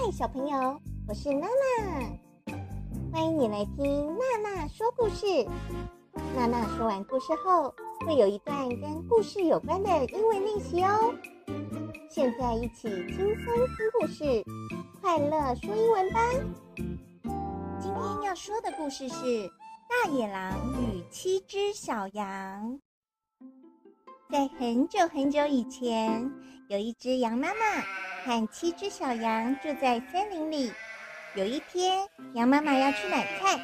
嗨，小朋友，我是娜娜，歡迎你來聽娜娜說故事。娜娜說完故事後，會有一段跟故事有關的英文練習哦。現在一起輕鬆聽故事，快樂說英文吧！今天要說的故事是《大野狼與七隻小羊》。在很久很久以前，有一隻羊媽媽和七隻小羊住在森林裡。有一天，羊媽媽要去買菜，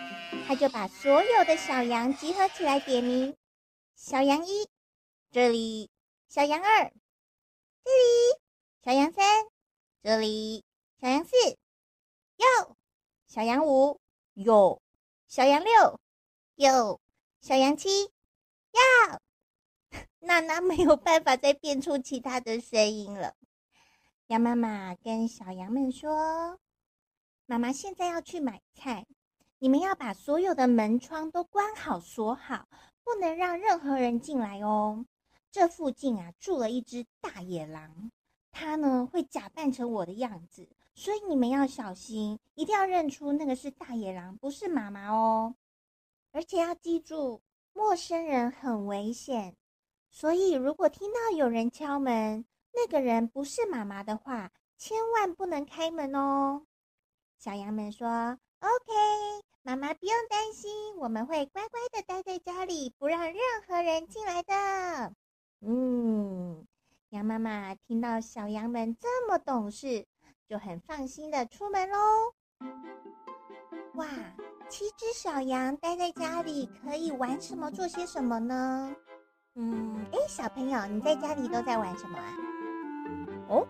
她就把所有的小羊集合起來點名：小羊一，這裡；小羊二，這裡；小羊三，這裡；小羊四，喲；小羊五，喲；小羊六，喲；小羊七，喲。娜娜沒有辦法再變出其他的聲音了。羊媽媽跟小羊們說：“媽媽現在要去買菜，你們要把所有的門窗都關好、鎖好，不能讓任何人進來哦。這附近啊，住了一隻大野狼，它呢會假扮成我的樣子，所以你們要小心，一定要認出那個是大野狼，不是媽媽哦。而且要記住，陌生人很危險。”所以，如果聽到有人敲門，那個人不是媽媽的話，千萬不能開門哦。小羊們說：“OK，媽媽不用擔心，我們會乖乖的待在家裡，不讓任何人進來的。”嗯，羊媽媽聽到小羊們這麼懂事，就很放心的出門嘍。哇，七隻小羊待在家裡可以玩什麼，做些什麼呢？嗯，哎、欸，小朋友，你在家裡都在玩什麼啊？哦，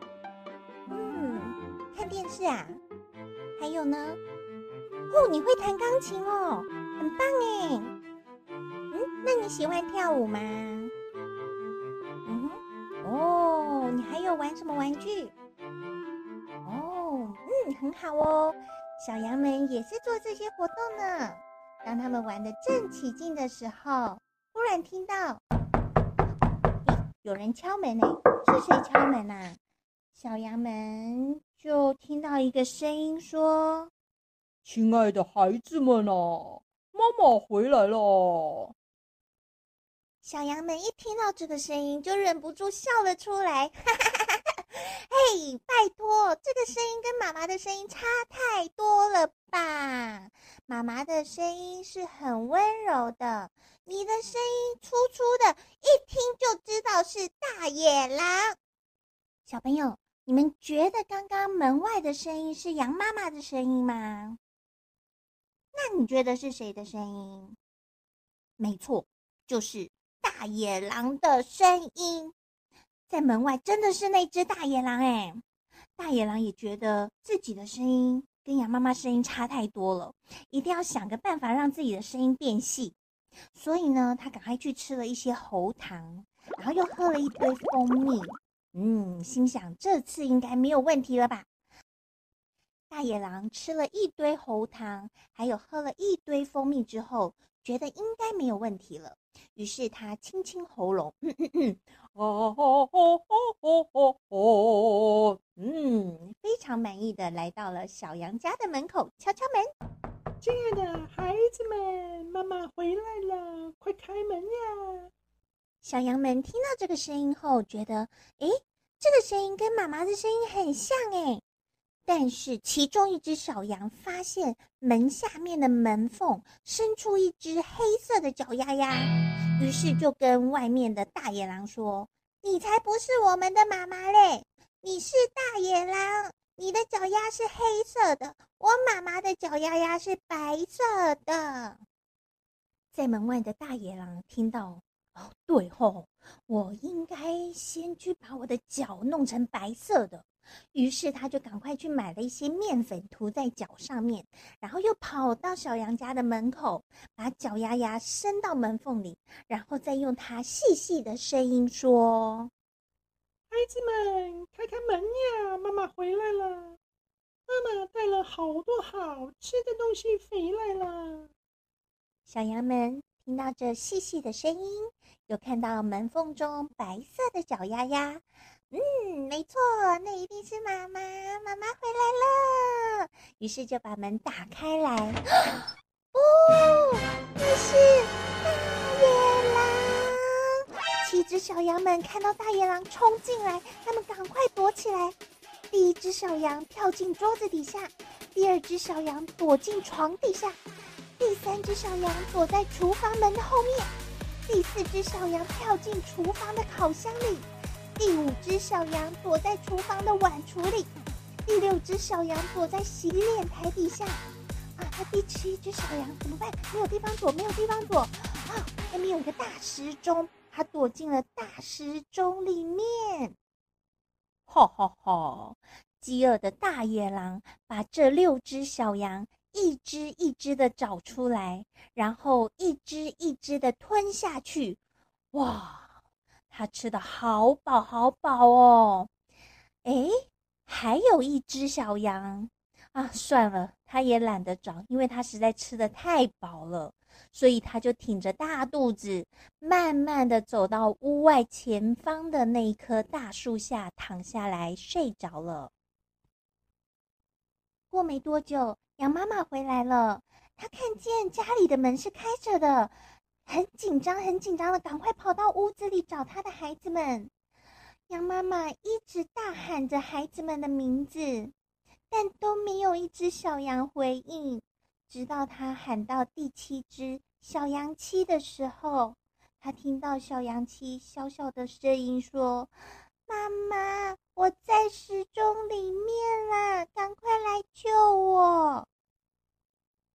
嗯，看電視啊，還有呢，哦，你會彈鋼琴哦，很棒誒。嗯，那你喜歡跳舞嗎？嗯，哦，你還有玩什麼玩具？哦，嗯，很好哦。小羊們也是做這些活動呢，當他們玩得正起勁的時候，忽然聽到。有人敲門呢，是誰敲門吶？小羊們就聽到一個聲音說：“親愛的孩子們啊，媽媽回來了。”小羊們一聽到這個聲音，就忍不住笑了出來，哈哈哈。嘿、hey，拜託，這個聲音跟媽媽的聲音差太多了吧？媽媽的聲音是很溫柔的，你的聲音粗粗的，一聽就知道是大野狼。小朋友，你們覺得剛剛門外的聲音是羊媽媽的聲音嗎？那你覺得是誰的聲音？沒錯，就是大野狼的聲音。在門外真的是那隻大野狼哎、欸！大野狼也覺得自己的聲音跟羊媽媽聲音差太多了，一定要想個辦法讓自己的聲音變細。所以呢，他趕快去吃了一些喉糖，然後又喝了一堆蜂蜜。嗯，心想這次應該沒有問題了吧？大野狼吃了一堆喉糖，還有喝了一堆蜂蜜之後。覺得應該沒有問題了，於是他清清喉嚨，嗯嗯嗯，哦哦哦哦哦哦哦哦哦哦嗯，非常滿意的來到了小羊家的門口，敲敲門。親愛的孩子們，媽媽回來了，快開門呀！小羊們聽到這個聲音後，覺得，哎，這個聲音跟媽媽的聲音很像誒，哎。但是，其中一隻小羊發現門下面的門縫伸出一隻黑色的腳丫丫，於是就跟外面的大野狼說：“你才不是我們的媽媽嘞！你是大野狼，你的腳丫是黑色的，我媽媽的腳丫丫是白色的。”在門外的大野狼聽到：“哦，對吼，我應該先去把我的腳弄成白色的。”於是，他就趕快去買了一些麵粉，塗在腳上面，然後又跑到小羊家的門口，把腳丫丫伸到門縫裡，然後再用他細細的聲音說：“孩子們，開開門呀，媽媽回來了，媽媽帶了好多好吃的東西回來了。”小羊們聽到這細細的聲音，又看到門縫中白色的腳丫丫。嗯，沒錯，那一定是媽媽。媽媽回來了，於是就把門打開來。哦，那是大野狼！七隻小羊們看到大野狼衝進來，它們趕快躲起來。第一隻小羊跳進桌子底下，第二隻小羊躲進床底下，第三隻小羊躲在廚房門的後面，第四隻小羊跳進廚房的烤箱裡。第五隻小羊躲在廚房的碗櫥裡，第六隻小羊躲在洗臉台底下。啊，啊第七隻小羊怎麼辦？沒有地方躲，沒有地方躲。啊，那面有一個大時鐘，它躲進了大時鐘裡面。哈哈哈！飢餓的大野狼把這六隻小羊一隻一隻的找出來，然後一隻一隻的吞下去。哇！他吃的好飽，好飽哦！哎，還有一只小羊啊！算了，他也懶得找，因為他實在吃的太飽了，所以他就挺着大肚子，慢慢的走到屋外前方的那一棵大樹下，躺下來睡着了。過沒多久，羊媽媽回來了，她看見家裡的門是開着的。很緊張，很緊張的，趕快跑到屋子裡找他的孩子們。羊媽媽一直大喊着孩子們的名字，但都沒有一只小羊回應。直到他喊到第七只小羊七的時候，他聽到小羊七小小的聲音說：“媽媽，我在時鐘裡面啦，趕快來救我！”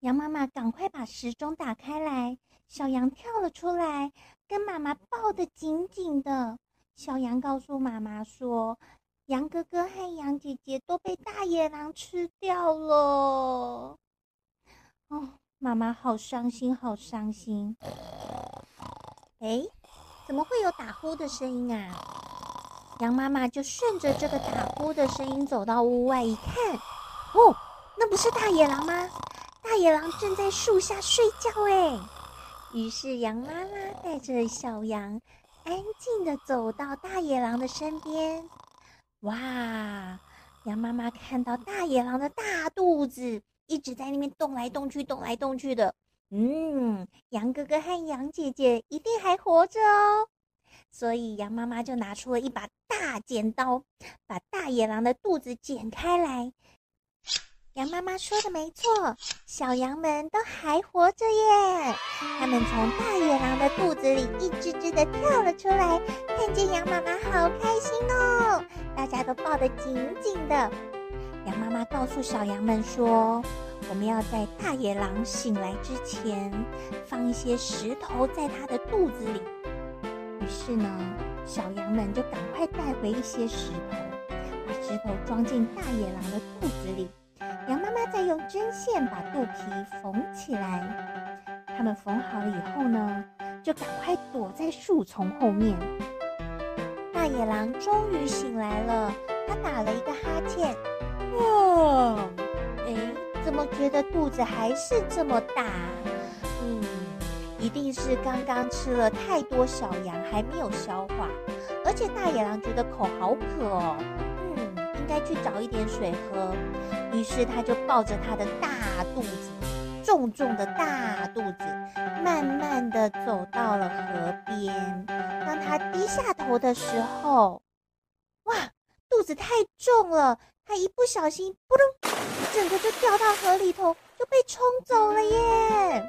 羊媽媽趕快把時鐘打開來。小羊跳了出來，跟媽媽抱得緊緊的。小羊告訴媽媽說：“羊哥哥和羊姐姐都被大野狼吃掉了。”哦，媽媽好傷心，好傷心。哎，怎麼會有打呼的聲音啊？羊媽媽就順着這個打呼的聲音走到屋外一看，哦，那不是大野狼嗎？大野狼正在樹下睡覺。哎。於是，羊媽媽帶着小羊，安靜的走到大野狼的身邊。哇！羊媽媽看到大野狼的大肚子一直在那邊動來動去、動來動去的。嗯，羊哥哥和羊姐姐一定還活着哦。所以，羊媽媽就拿出了一把大剪刀，把大野狼的肚子剪開來。羊媽媽說的沒錯，小羊們都還活着耶！它們從大野狼的肚子裡一隻隻的跳了出來，看見羊媽媽好開心哦！大家都抱得緊緊的。羊媽媽告訴小羊們說：“我們要在大野狼醒來之前，放一些石頭在他的肚子裡。”於是呢，小羊們就趕快帶回一些石頭，把石頭裝進大野狼的肚子裡。羊媽媽在用針線把肚皮縫起來。他們縫好了以後呢，就趕快躲在樹叢後面。大野狼終於醒來了，他打了一個哈欠。哦誒，怎麼覺得肚子還是這麼大？嗯，一定是剛剛吃了太多小羊，還沒有消化。而且大野狼覺得口好渴哦。該去找一點水喝，於是他就抱着他的大肚子，重重的大肚子，慢慢的走到了河邊。當他低下頭的時候，哇，肚子太重了，他一不小心，撲通，整個就掉到河裡頭，就被沖走了耶！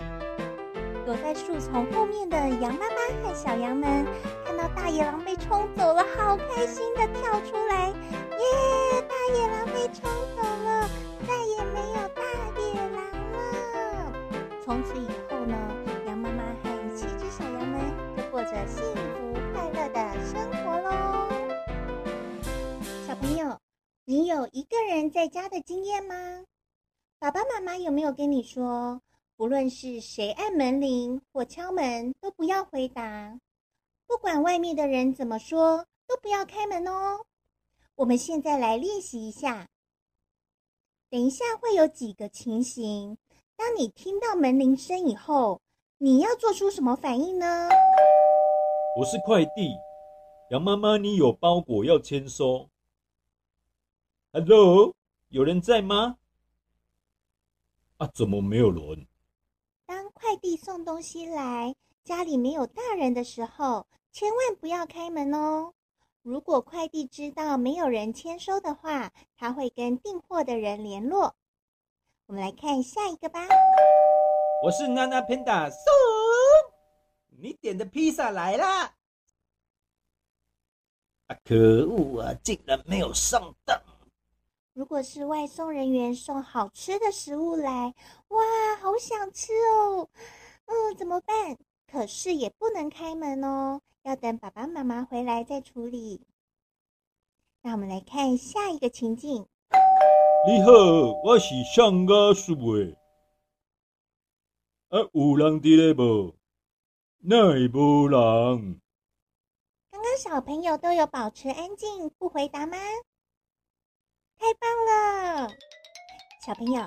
躲在樹叢後面的羊媽媽和小羊們，看到大野狼被沖走了，好開心的跳出來。大野狼被沖走了，再也沒有大野狼了。從此以後呢，羊媽媽和一七只小羊們就過着幸福快樂的生活嘍。小朋友，你有一個人在家的經驗嗎？爸爸媽媽有沒有跟你說，不論是誰按門鈴或敲門，都不要回答，不管外面的人怎麼說，都不要開門哦。我們現在來練習一下。等一下會有幾個情形，當你聽到門鈴聲以後，你要做出什麼反應呢？我是快遞，羊媽媽，你有包裹要簽收。Hello，有人在嗎？啊，怎麼沒有人？當快遞送東西來，家裡沒有大人的時候，千萬不要開門哦。如果快遞知道沒有人簽收的話，他會跟訂貨的人聯絡。我們來看下一個吧。我是娜娜 Panda，送你點的披薩來了。啊，可惡啊！竟然沒有上當。如果是外送人員送好吃的食物來，哇，好想吃哦。嗯，怎麼辦？可是也不能開門哦。要等爸爸媽媽回來再處理。那我們來看下一個情境。你好，我是尚阿樹。啊，有人在嘞不？哪會無人？剛剛小朋友都有保持安靜，不回答嗎？太棒了，小朋友。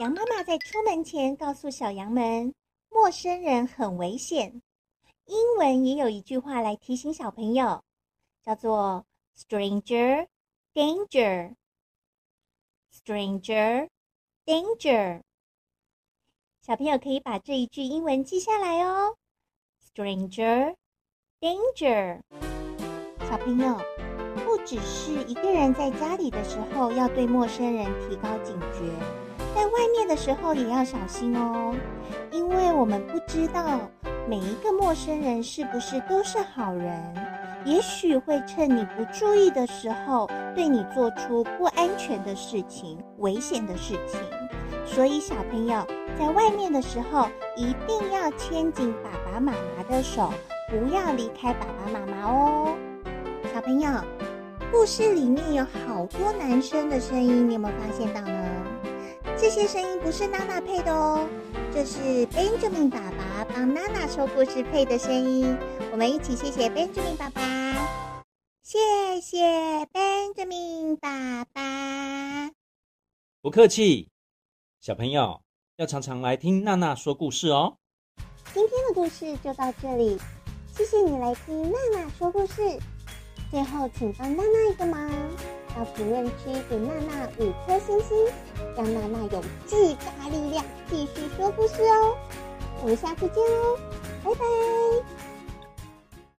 羊媽媽在出門前告訴小羊們：陌生人很危險。英文也有一句話來提醒小朋友，叫做 "Stranger Danger"。Stranger Danger，小朋友可以把這一句英文記下來哦。Stranger Danger，小朋友不只是一個人在家裡的時候要對陌生人提高警覺，在外面的時候也要小心哦，因為我們不知道。每一個陌生人是不是都是好人？也許會趁你不注意的時候，對你做出不安全的事情、危險的事情。所以小朋友在外面的時候，一定要牽緊爸爸媽媽的手，不要離開爸爸媽媽哦。小朋友，故事裡面有好多男生的聲音，你有沒有發現到呢？這些聲音不是娜娜配的哦，這、就是 Benjamin 爸爸。幫娜娜說故事配的聲音，我們一起謝謝 Benjamin 爸爸。謝謝 Benjamin 爸爸。不客氣，小朋友要常常來聽娜娜說故事哦。今天的故事就到這裡，謝謝你來聽娜娜說故事。最後，請幫娜娜一個忙，到評論區給娜娜五顆星星，讓娜娜有巨大力量繼續說故事哦。我們下次見哦，拜拜。